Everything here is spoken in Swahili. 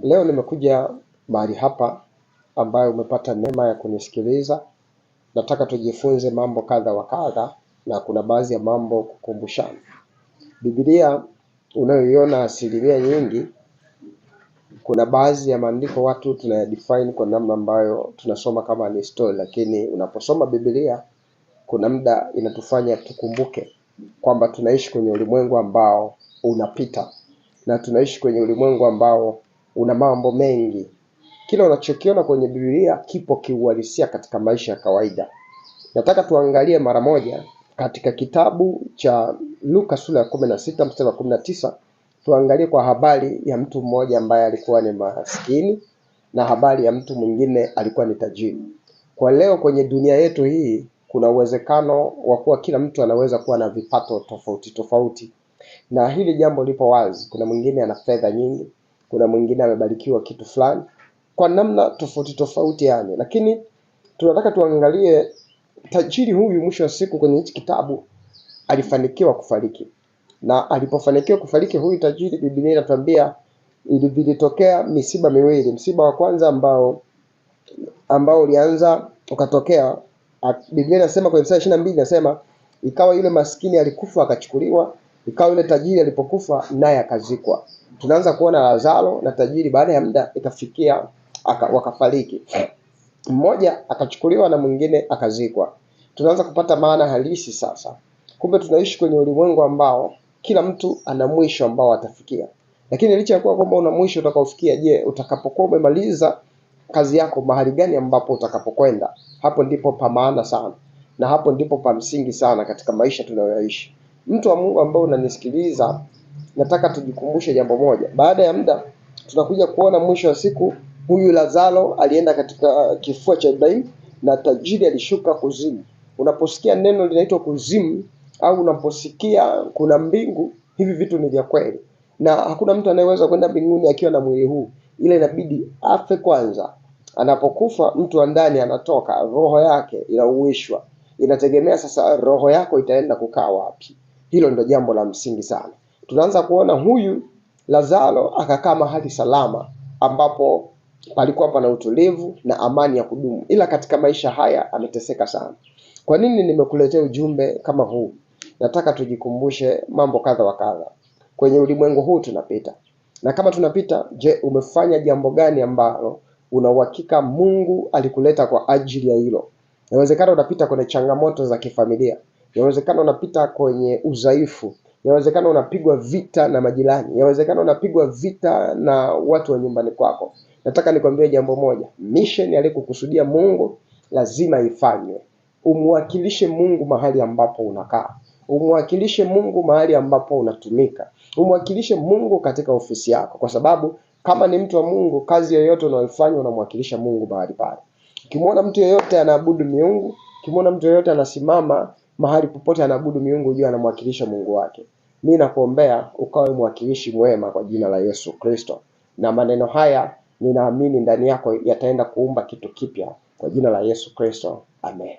Leo nimekuja mahali hapa ambayo umepata neema ya kunisikiliza. Nataka tujifunze mambo kadha wa kadha, na kuna baadhi ya mambo kukumbushana. Biblia unayoiona asilimia nyingi, kuna baadhi ya maandiko watu tunayadefine kwa namna ambayo tunasoma kama ni story, lakini unaposoma Biblia kuna muda inatufanya tukumbuke kwamba tunaishi kwenye ulimwengu ambao unapita na tunaishi kwenye ulimwengu ambao una mambo mengi. Kila unachokiona kwenye Biblia kipo kiuhalisia katika maisha ya kawaida. Nataka tuangalie mara moja katika kitabu cha Luka sura ya 16 mstari wa 19, tuangalie kwa habari ya mtu mmoja ambaye alikuwa ni maskini na habari ya mtu mwingine alikuwa ni tajiri. Kwa leo kwenye dunia yetu hii kuna uwezekano wa kuwa kila mtu anaweza kuwa na vipato tofauti tofauti, na hili jambo lipo wazi. Kuna mwingine ana fedha nyingi, kuna mwingine amebarikiwa kitu fulani kwa namna tofauti tofauti, yani lakini tunataka tuangalie tajiri huyu, mwisho wa siku kwenye hichi kitabu alifanikiwa kufariki, na alipofanikiwa kufariki huyu tajiri, Biblia inatuambia tokea misiba miwili. Msiba wa kwanza ambao ambao ulianza ukatokea, Biblia inasema kwenye mstari 22 inasema ikawa yule maskini alikufa akachukuliwa Ikawa yule tajiri alipokufa naye akazikwa. Tunaanza kuona Lazaro na tajiri baada ya muda ikafikia wakafariki. Mmoja akachukuliwa na mwingine akazikwa. Tunaanza kupata maana halisi sasa. Kumbe tunaishi kwenye ulimwengu ambao kila mtu ana mwisho ambao atafikia. Lakini licha ya kuwa kwamba una mwisho utakaofikia, je, utakapokuwa umemaliza kazi yako, mahali gani ambapo utakapokwenda? Hapo ndipo pa maana sana, na hapo ndipo pa msingi sana katika maisha tunayoishi. Mtu wa Mungu ambao unanisikiliza, nataka tujikumbushe jambo moja. Baada ya muda tunakuja kuona mwisho wa siku huyu Lazaro alienda katika kifua cha Ibrahimu na tajiri alishuka kuzimu. Unaposikia neno linaitwa kuzimu au unaposikia kuna mbingu, hivi vitu ni vya kweli, na hakuna mtu anayeweza kwenda mbinguni akiwa na mwili huu, ila inabidi afe kwanza. Anapokufa mtu wa ndani anatoka, roho yake inauishwa. Inategemea sasa roho yako itaenda kukaa wapi. Hilo ndo jambo la msingi sana. Tunaanza kuona huyu Lazaro akakaa mahali salama ambapo palikuwa pana utulivu na amani ya kudumu, ila katika maisha haya ameteseka sana. Kwa nini nimekuletea ujumbe kama huu? Nataka tujikumbushe mambo kadha wa kadha. Kwenye ulimwengu huu tunapita, na kama tunapita, je, umefanya jambo gani ambalo una uhakika Mungu alikuleta kwa ajili ya hilo? Inawezekana unapita kwenye changamoto za kifamilia, Yawezekana unapita kwenye udhaifu. Yawezekana unapigwa vita na majirani. Yawezekana unapigwa vita na watu wa nyumbani kwako. Nataka nikwambie jambo moja, mission aliyokukusudia Mungu lazima ifanywe. Umwakilishe Mungu mahali ambapo unakaa, umwakilishe Mungu mahali ambapo unatumika, umwakilishe Mungu katika ofisi yako, kwa sababu kama ni mtu wa Mungu, kazi yoyote unayoifanya unamwakilisha Mungu mahali pale. Ukimwona mtu yeyote anaabudu miungu, ukimwona mtu yeyote anasimama mahali popote anaabudu miungu hiyo anamwakilisha Mungu wake. Mimi nakuombea ukawe mwakilishi mwema kwa jina la Yesu Kristo, na maneno haya ninaamini ndani yako yataenda kuumba kitu kipya kwa jina la Yesu Kristo, amen.